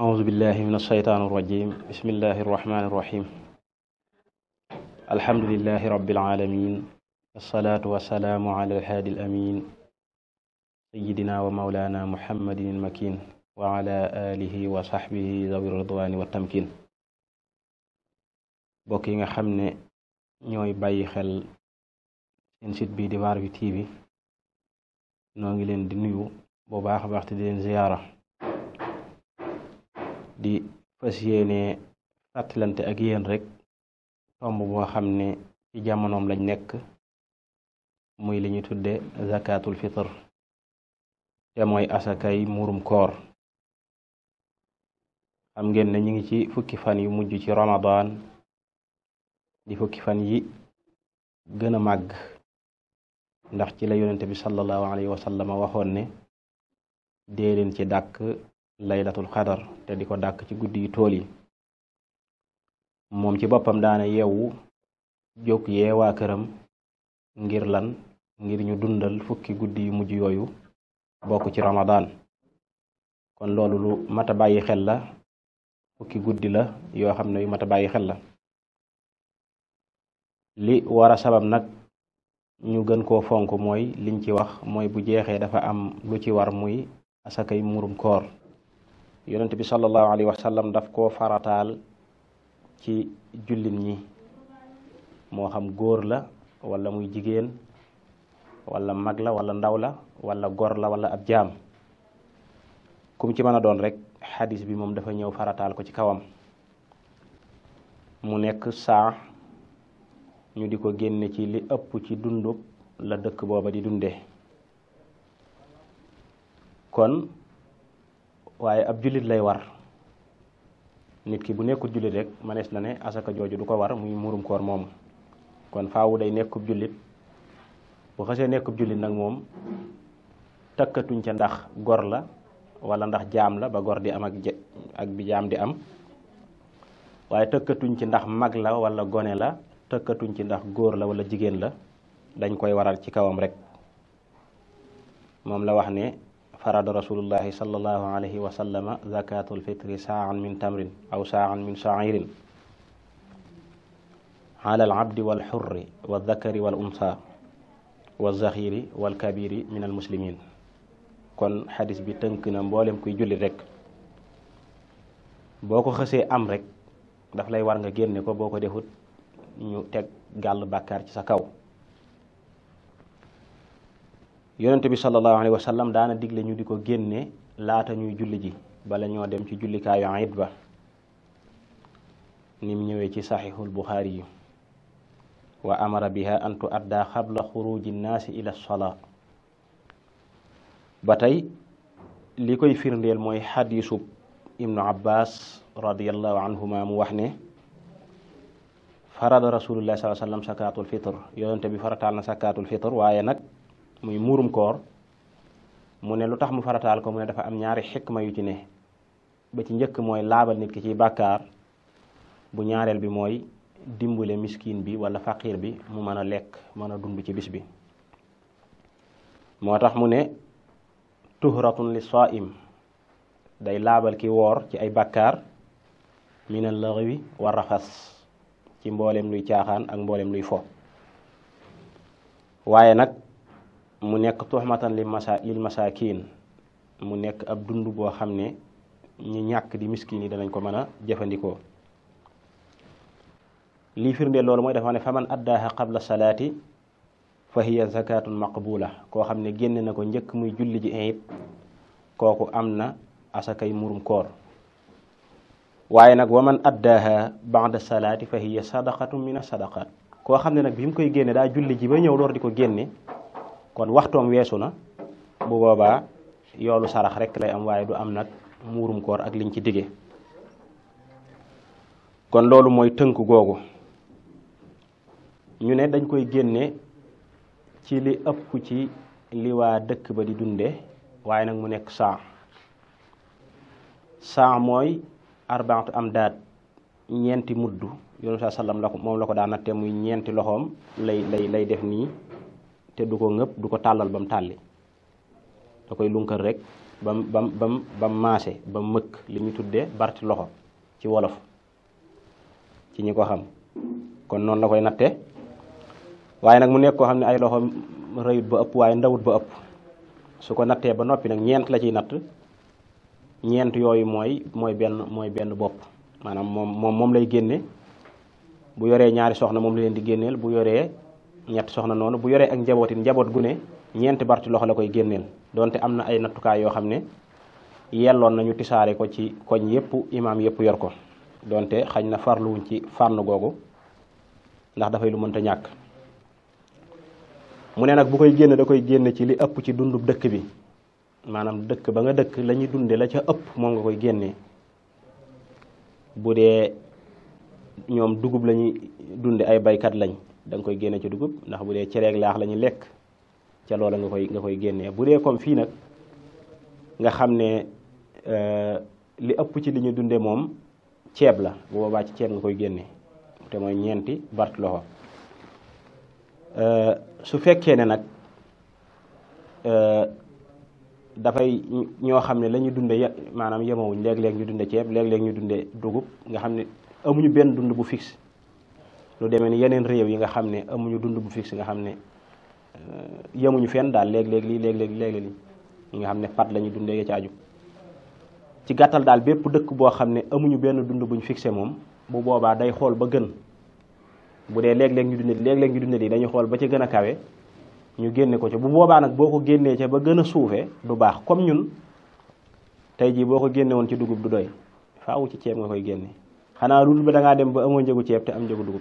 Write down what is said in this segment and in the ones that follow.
أعوذ بالله من الشيطان الرجيم بسم الله الرحمن الرحيم الحمد لله رب العالمين الصلاة والسلام على الهادي الأمين سيدنا ومولانا محمد المكين وعلى آله وصحبه ذوي الرضوان والتمكين bokk yi nga xam ne ñooy bàyyi xel seen site bi di Waarwi TV noo ngi leen di nuyu bu baax a baax te di leen ziyaara di fas yéene fàttalante ak yéen rek tomb boo xam ne ci jamonoom lañ nekk muy li ñu tudde zakatul fitr te mooy asakay murum koor xam ngeen ne ñu ngi ci fukki fan yu mujj ci ramadan di fukki fan yi gën a màgg ndax ci la yonente bi sallallahu alayhi wa sallam waxoon ne dee leen ci dàkk laylatul xadar te di ko dàkk ci guddi yu tool yi moom ci boppam daana yeewu jóg yee waa këram ngir lan ngir ñu dundal fukki guddi yu mujj yooyu bokk ci ramadaan kon loolu lu mata bàyyi xel la fukki guddi la yoo xam ne yu mata bàyyi xel la li war sabab nag ñu gën koo fonk mooy liñ ci wax mooy bu jeexee dafa am lu ci war muy asakay murum koor yonent bi sallallahu alayhi wa sallam daf koo farataal ci jullit ñi moo xam góor la walla muy jigéen wala mag la walla ndaw la walla gor la wala ab jaam kum ci mën a doon rek xadiis bi moom dafa ñëw farataal ko ci kawam mu nekk saa ñu di ko génne ci li ëpp ci dundub la dëkk booba di dunde kon waaye ab jullit lay war nit ki bu nekkul jullit rek manees na ne asaka jooju du ko war muy murum koor moom kon faawu day nekkub jullit bu xasee nekkub jullit nag moom takkatuñ ca ndax gor la wala ndax jaam la ba gor di am ak ak bi di am waaye tëkkatuñ ci ndax mag la walla gone la tëkkatuñ ci ndax góor la wala jigéen la dañ koy waral ci kawam rek moom la wax ne farada rasulullahi sallallahu alayhi wa sallama zakatul fitri saan min tamrin aw saan min shairin ala al abdi wal xurri wal zakari wal unsa wal zaxiri wal kabiri min al kon xadis bi tënk na mboolem kuy julli rek boo ko xësee am rek daf lay war nga génne ko boo ko defut ñu teg gàll bakar ci sa kaw yonent bi sallallahu alayhi wa sallam digle ñu di ko génne laata ñuy julli ji bala ñoo dem ci jullikaayu ayit ba nim ñëwee ci saxiixul buxaari yi wa amara biha an tu adda xabla xuruji ila solaa ba tey li koy firndeel mooy xadiisu ibnu abbas radiallahu anhuma mu wax ne farada rasulullah sallallahu alayhi wa sallam sakaatul waaye nag muy muurum koor mu ne lu tax mu farataal ko mu ne dafa am ñaari xikma yu ci ne ba ci njëkk mooy laabal nit ki ci bàkkaar bu ñaareel bi mooy dimbule miskin bi wala faqir bi mu mën a lekk mën a dund ci bis bi moo tax mu ne tuhratun li saim day laabal ki woor ci ay bàkkaar minal laxwi wa rafas ci mboolem luy caaxaan ak mboolem luy fo waaye nag mu nekk tuxmatan li masa lil masaakiin mu nekk ab dund boo xam ne ñi ñàkk di miskin yi danañ ko mën a jëfandikoo lii firndeel loolu mooy dafa ne faman addaaha qabla salaati fa hiya zakatun maqbula koo xam ne génn na ko njëkk muy julli ji ayib kooku am na asakay murum koor waaye nag wa man addaaha ba'da salaati fa hiya sadaqatun min as sadaqat koo xam ne nag bi mu koy génne daa julli ba ñëw door di ko génne kon waxtoom weesu na bu boobaa yoolu sarax rekk lay am waaye du am nag muurum koor ak liñ ci dige kon loolu mooy tënk googu ñu ne dañ koy génne ci li ëpp ci li waa dëkk ba di dunde waaye nag mu nekk saa saa mooy arbaatu am daat ñeenti mudd yoonu saa sallam la ko moom la ko daa natte muy ñeenti loxoom lay lay lay def nii te du ko ngëpp du ko tàllal ba mu tàlli da koy lunkal rek bam bam bam bam maase ba mëkk li ñu tuddee barti loxo ci wolof ci ñi ko xam kon noonu la koy natte waaye nag mu nekk koo xam ne ay loxo rëyut ba ëpp waaye ndawut ba ëpp su ko nattee ba noppi nag ñeent la ciy natt ñeent yooyu mooy mooy benn mooy benn bopp maanaam moom moom moom lay génne bu yoree ñaari soxna moom la leen di génneel bu yoree ñett soxna noonu bu yoree ak njaboot njaboot gu ne ñeenti barti loxo la koy génneel donte am na ay nattukaay yoo xam ne yelloon nañu tisaare ko ci koñ yëpp imaam yëpp yor ko donte xañ na farluwuñ ci fànn googu ndax dafay lu mënta ñàkk mu ne nag bu koy génne da koy génne ci li ëpp ci dundub dëkk bi maanaam dëkk ba nga dëkk lañuy ñuy dunde la ca ëpp moo nga koy génnee bu dee ñoom dugub lañuy dunde ay baykat lañ danga koy génne ci dugub ndax bu dee cereeg laax la ñu lekk ca loola nga koy nga koy génnee bu dee comme fii nag nga xam ne euh, li ëpp ci li ñu dunde moom ceeb la bu boobaa ci ceeb nga koy génne te mooy ñeenti bart loxo euh, su fekkee ne nag euh, dafay ñoo xam ne lañuy ñuy dunde maanaam yemawuñ léeg-léeg ñu dunde ceeb léeg-léeg ñu dunde dugub nga xam ne amuñu benn dund bu fix lu demee ni yeneen réew yi nga xam ne amuñu dund bu fixe nga xam ne euh, yemuñu fenn daal léeg-léeg lii léeg-léeg léeg-léeg lii nga xam ne pat lañuy dund dundee ci aju ci gàttal daal bépp dëkk boo xam ne amuñu benn dund buñ fixé moom bu boobaa day xool ba gën bu dee léeg-léeg ñu dundee léeg-léeg ñu dundee yi dañuy xool ba ca gën a kawe ñu génne ko ca bu boobaa nag boo ko génnee ca ba gën a suufee du baax comme ñun tey jii boo ko génnewoon ci dugub du doy faawu ci ceeb nga koy génne xanaa lu dul ba dem ba amoo njëgu ceeb te am njëgu dugub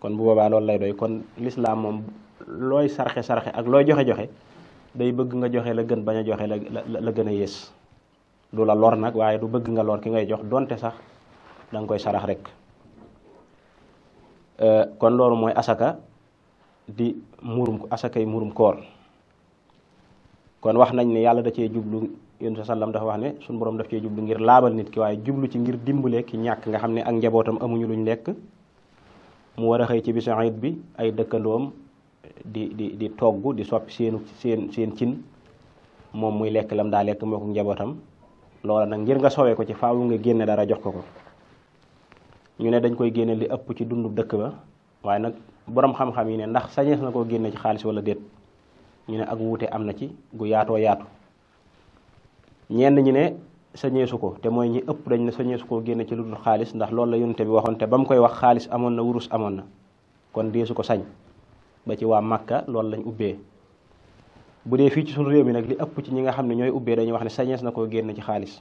kon bu boobaa loolu lay doy kon lislaam moom looy sarxe-sarxe ak looy joxe-joxe day bëgg nga joxe la gën bañ a joxe la la gën a yées du la lor nag waaye du bëgg nga lor ki ngay jox donte sax danga koy sarax rek euh, kon loolu mooy asaka di murum asakay murum koor kon wax nañ ne yàlla da cee jublu yén sa sallam dafa wax ne suñu borom daf cee jublu ngir laabal nit ki waaye jublu ci ngir dimbale ki ñàkk nga xam ne ak njabootam amuñu luñ lekk mu war a xëy ci bisu ayit bi ay dëkkandoom di di di togg di soppi seenu seen seen cin moom muy lekk lam daa lekk moo ko njabootam loola nag ngir nga sowee ko ci faawu nga génne dara jox ko ko ñu ne dañ koy génne li ëpp ci dundu dëkk ba waaye nag boroom xam-xam yi ne ndax sañees na koo génne ci xaalis wala déet ñu ne ak wuute am na ci gu yaatoo yaatu ñenn ñi ne sañeesu ko te mooy ñi ëpp dañ ne sañeesu koo génne ci lu dul xaalis ndax loolu la yonte bi waxoon te ba mu koy wax xaalis amoon na wurus amoon na kon deesu ko sañ ba ci waa Màkka loolu lañ ubbee bu dee fii ci sunu réew mi nag li ëpp ci ñi nga xam ne ñooy ubbee dañuy wax ne sañees na koo génne ci xaalis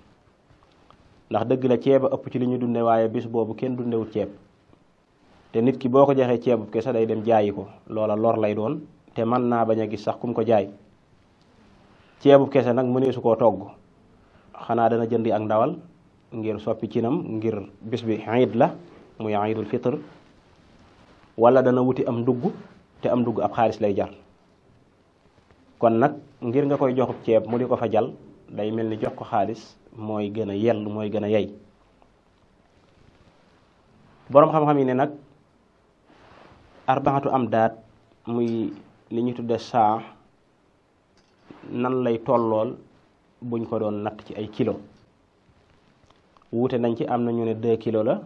ndax dëgg la ceeb a ëpp ci li ñu dunde waaye bis boobu kenn dundewul ceeb te nit ki boo ko joxee ceebu kese day dem jaayi ko loola lor lay doon te mën naa bañ a gis sax kum ko jaay ceebu kese nag mëneesu koo togg xanaa dana jëndi ak ndawal ngir soppi cinam ngir bis bi iid la muy iidul fitr wala dana wuti am dugg te am ndugg ab xaalis lay jar kon nag ngir nga koy joxub ceeb di ko fa jal day mel ni jox ko xaalis mooy gën a yell mooy gën a yey boroom xam-xam ne nag arbaatu am daat muy li ñu tudde saa nan lay tollool buñ ko doon natt ci ay kilo wuute nañ ci am na ñu ne 2 kilo la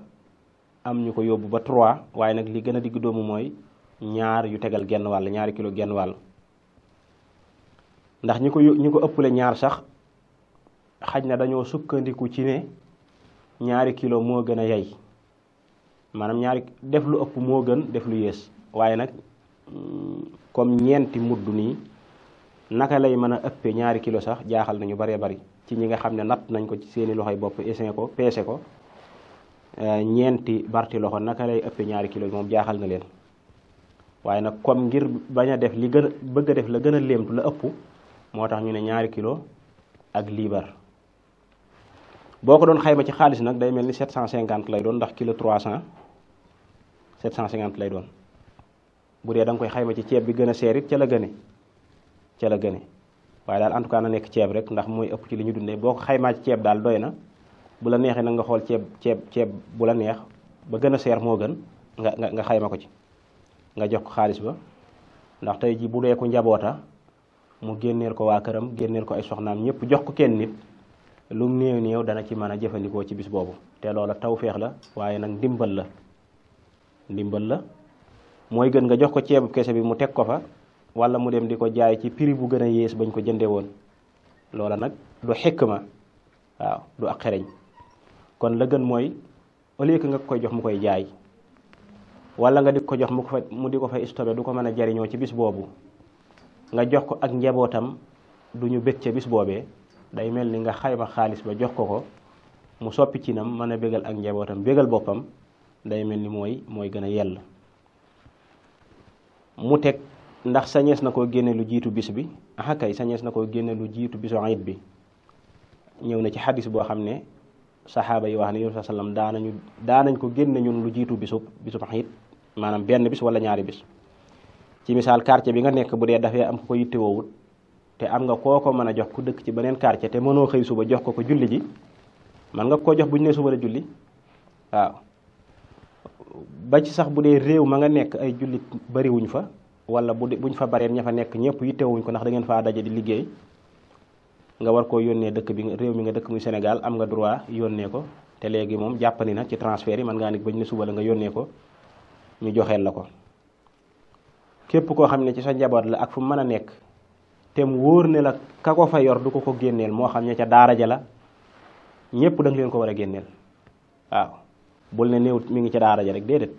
am ñu ko yóbbu ba 3 waaye nag li gën a digg doomu mooy ñaar yu tegal genn wàll ñaari kilo genn wàll ndax ñi ko ñi ko ëppale ñaar sax xaj na dañoo sukkandiku ci ne ñaari kilo moo gën a yey maanaam ñaari def lu ëpp moo gën def lu yées waaye nag mm, comme ñeenti mudd nii naka lay mën a ëppee ñaari kilo sax jaaxal nañu baree bari ci ñi nga xam ne natt nañ ko ci seeni yi bopp essin ko peese ko euh, ñeenti barti loxo naka lay ëppee ñaari kilo moom jaaxal na leen waaye nag kom ngir bañ a def li gën a bëgg a def la gën a léemtu la ëpp moo tax ñu ne ñaari kilo ak liibar boo ko doon xayma ci xaalis nag day mel ni 750 lay doon ndax kilo 300 750 lay doon bu dee da nga koy xayma ci ceeb bi gën a seer it ca ca la gëne waaye daal en tout nekk ceeb rek ndax mooy ëpp ci li ñu dundee boo ko xaymaa ci ceeb daal doy na bu la neexee nag nga xool ceeb ceeb ceeb bu la neex ba gën a seer moo gën nga xayma ko ci nga jox ko xaalis ba ndax tey ji bu dee ku njaboota mu génneel ko waa këram génneel ko ay soxnaam ñépp jox ko kenn nit lu mu néew dana ci mën a jëfandikoo ci bis boobu te loola taw tawféex la waaye nag ndimbal la ndimbal la mooy gën nga jox ko ceebu kese bi mu teg ko fa wala mu dem di ko jaay ci prix bu gën a yées bañ ko jëndee woon loola nag du xikma waaw du ak xereñ kon la gën mooy au lieu nga koy jox mu koy jaay wala nga di ko jox mu ko fa mu di ko fay stocké du ko mën a jariñoo ci bis boobu nga jox ko ak njabootam du ñu bég ca bis boobee day mel ni nga xayma xaalis ba jox ko ko mu soppi ci nam mën a bégal ak njabootam bégal boppam day mel ni mooy mooy gën a yell mu teg ndax sañees na koo génne lu jiitu bis bi ah kay sañees na koo génne lu jiitu bisu ayit bi ñëw na ci xadis boo xam ne saxaaba yi wax ne yonent sallam daanañu daanañ ko génne ñun lu jiitu bisu bisu ayit maanaam benn bis wala ñaari bis ci misaal quartier bi nga nekk bu dee dafee am ko yitte te am nga koo ko mën a jox ku dëkk ci beneen quartier te mënoo xëy suba jox ko ko julli ji man nga koo jox bu ñu nee suba la julli waaw ba ci sax bu dee réew ma nga nekk ay jullit bariwuñ fa wala bu buñ fa baree ña fa nekk ñëpp yittewuñ ko ndax da ngeen faa daje di liggéey nga war koo yónnee dëkk bi réew mi nga dëkk muy Sénégal am nga droit yónnee ko te léegi moom jàppandi na ci transfert yi mën ngaa ne bañ ne suba la nga yónnee ko ñu joxeel la ko. képp koo xam ne ci sa njaboot la ak fu mën a nekk te mu wóor ne la ka ko fa yor du ko ko génneel moo xam ne ca daara ja la ñëpp da leen ko war a génneel waaw bul ne néew mu ngi ca daara ja rek déedéet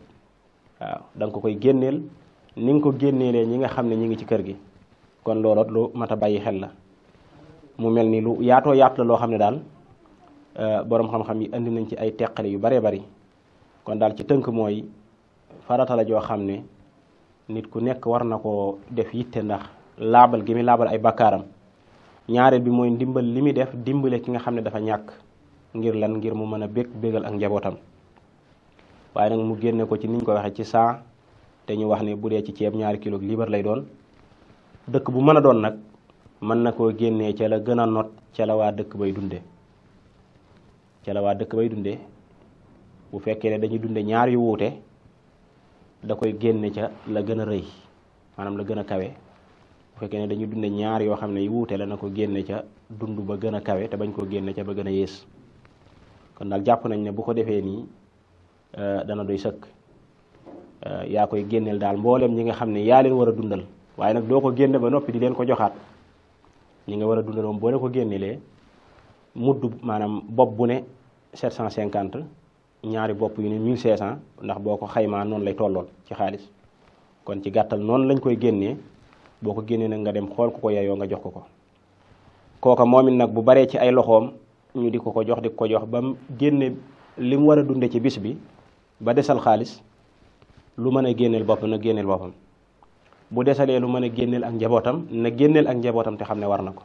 ni nga ko génneelee ñi nga xam ne ñi ci kër gi kon looloot mat a bàyyi xel la mu mel ni lu yaatoo yaatu loo xam ne daal euh, boroom xam yi indi nañ ci ay teqale yu baree bari kon daal ci tënk mooy farata joo xam ne nit ku nekk war na koo def yitte ndax laabal gi mi laabal ay bakkaaram ñaareel bi mooy ndimbal li muy def dimbale ki nga xam ne dafa ñàkk ngir lan ngir mu mën a bég bégal ak njabootam waaye nag mu génne ko ci niñ ko waxee ci saa te ñu wax ne bu dee ci ceeb ñaari kilo liibar lay doon dëkk bu mën a doon nag mën na koo génnee ca la gën a not ca la waa dëkk bay dunde ca dëkk bay dunde bu fekkee ne dañuy dunde ñaar yu wuute da koy génne ca la gën a rëy maanaam la gën a kawe bu fekkee ne dañuy dunde ñaar yoo xam ne yu wuute la na ko génne ca dund ba gën a kawe te bañ koo génne ca ba gën a yées kon daal jàpp nañ ne bu ko defee nii euh, dana doy sëkk Euh, yaa koy génneel daal mbooleem ñi nga xam ne yaa leen war a dundal waaye nag doo ko génne ba noppi di leen ko joxaat ñi nga war a dundal moom boo ko génnelee mudd maanaam bopp bu ne 750 ñaari bopp yu ne 1500 ndax boo ko xaymaa noonu lay tollool ci xaalis kon ci gàttal noonu lañ koy génnee boo ko génnee nag nga dem xool ko ko yeyoo nga jox ko ko kooka moom it nag bu baree ci ay loxoom ñu di ko ko jox di ko jox ba mu génne li mu war a dunde ci bis bi ba desal xaalis lu mën a génneel boppam na génneel boppam bu desalee lu mën a génneel ak njabootam na génneel ak njabootam te xam ne war na ko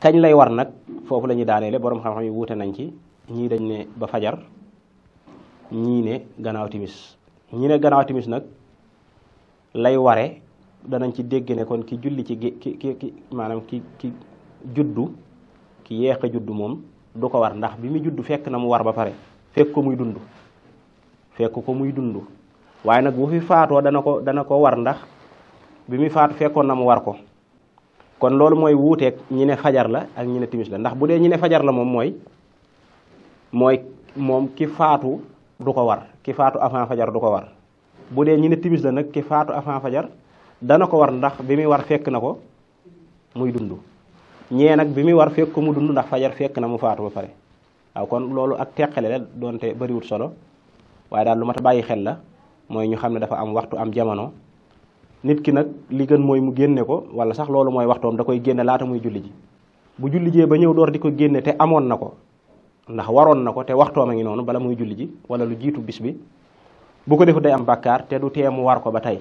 kañ lay war nag foofu lañuy ñuy daaneele boroom xam-xam yi wuute nañ ci ñii dañ ne ba fajar ñii ne gannaaw timis ñii ne gannaaw timis nag lay ware danañ ci dégg ne kon ki julli ci ki ki ki maanaam ki ki juddu ki yeex a juddu moom du ko war ndax bi mu juddu fekk na mu war ba pare fekk ko muy dund fekk ko muy dund waaye nag bu fi faatoo dana ko dana ko war ndax bi muy faatu fekkoon na mu war ko kon loolu mooy wuuteeg ñi ne fajar la ak ñi timis la ndax bu dee ñi ne fajar la moom mooy mooy moom ki faatu du ko war ki faatu avant fajar du ko war bu dee ñi ne timis nag ki faatu avant fajar dana ko war ndax bi muy war fekk na ko muy dund ñee nag bi muy war fekk ko mu dund ndax fajar fekk na mu faatu ba pare waaw kon loolu ak teqale la doonte bariwul solo waaye daal lu mat a bàyyi xel la mooy ñu xam ne dafa am waxtu am jamono nit ki nag li gën mooy mu génne ko wala sax loolu mooy waxtoom da koy génne laata muy julli ji bu jullijee ba ñëw door di ko génne te amoon na ko ndax waroon na ko te waxtoom a ngi noonu bala muy julli ji wala lu jiitu bis bi bu ko defu day am bàkkaar te du tee mu war ko ba tey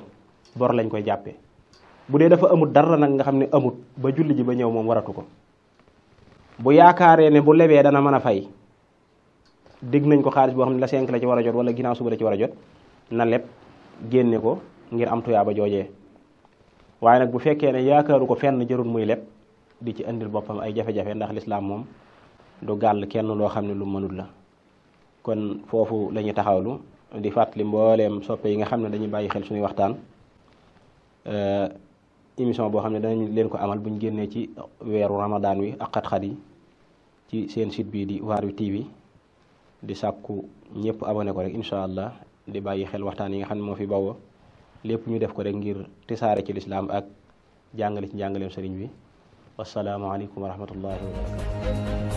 bor lañ koy jàppee bu dee dafa amut dara nag nga xam ne amut ba julli ji ba ñëw moom waratu ko bu yaakaaree ne bu lebee dana mën a fay dégg nañ ko xaalis boo xam ne la 5 la ci war a jot wala ginnaaw suba la ci war a jot na leb génne ko ngir am ba joojee waaye nag bu fekkee ne yaakaaru ko fenn jarul muy leb di ci indil boppam ay jafe-jafe ndax lislaam moom du gàll kenn loo xam ne lu mënul la kon foofu la taxawlu di fàttali mbooleem soppe yi nga xam ne dañuy bàyyi xel suñuy waxtaan émission boo xam ne danañ leen ko amal bu ñu génnee ci weeru ramadaan wi ak xat-xat yi ci seen site di waar wi TV di sàkku ñëpp abonné ko rek incha allah di bàyyi xel waxtaan yi nga xam ne moo fi bawoo lépp ñu def ko rek ngir tisaare ci lislaam ak jàngale ci njàngaleem sëriñ bi wasalaamualeykum wa rahmatullahi wa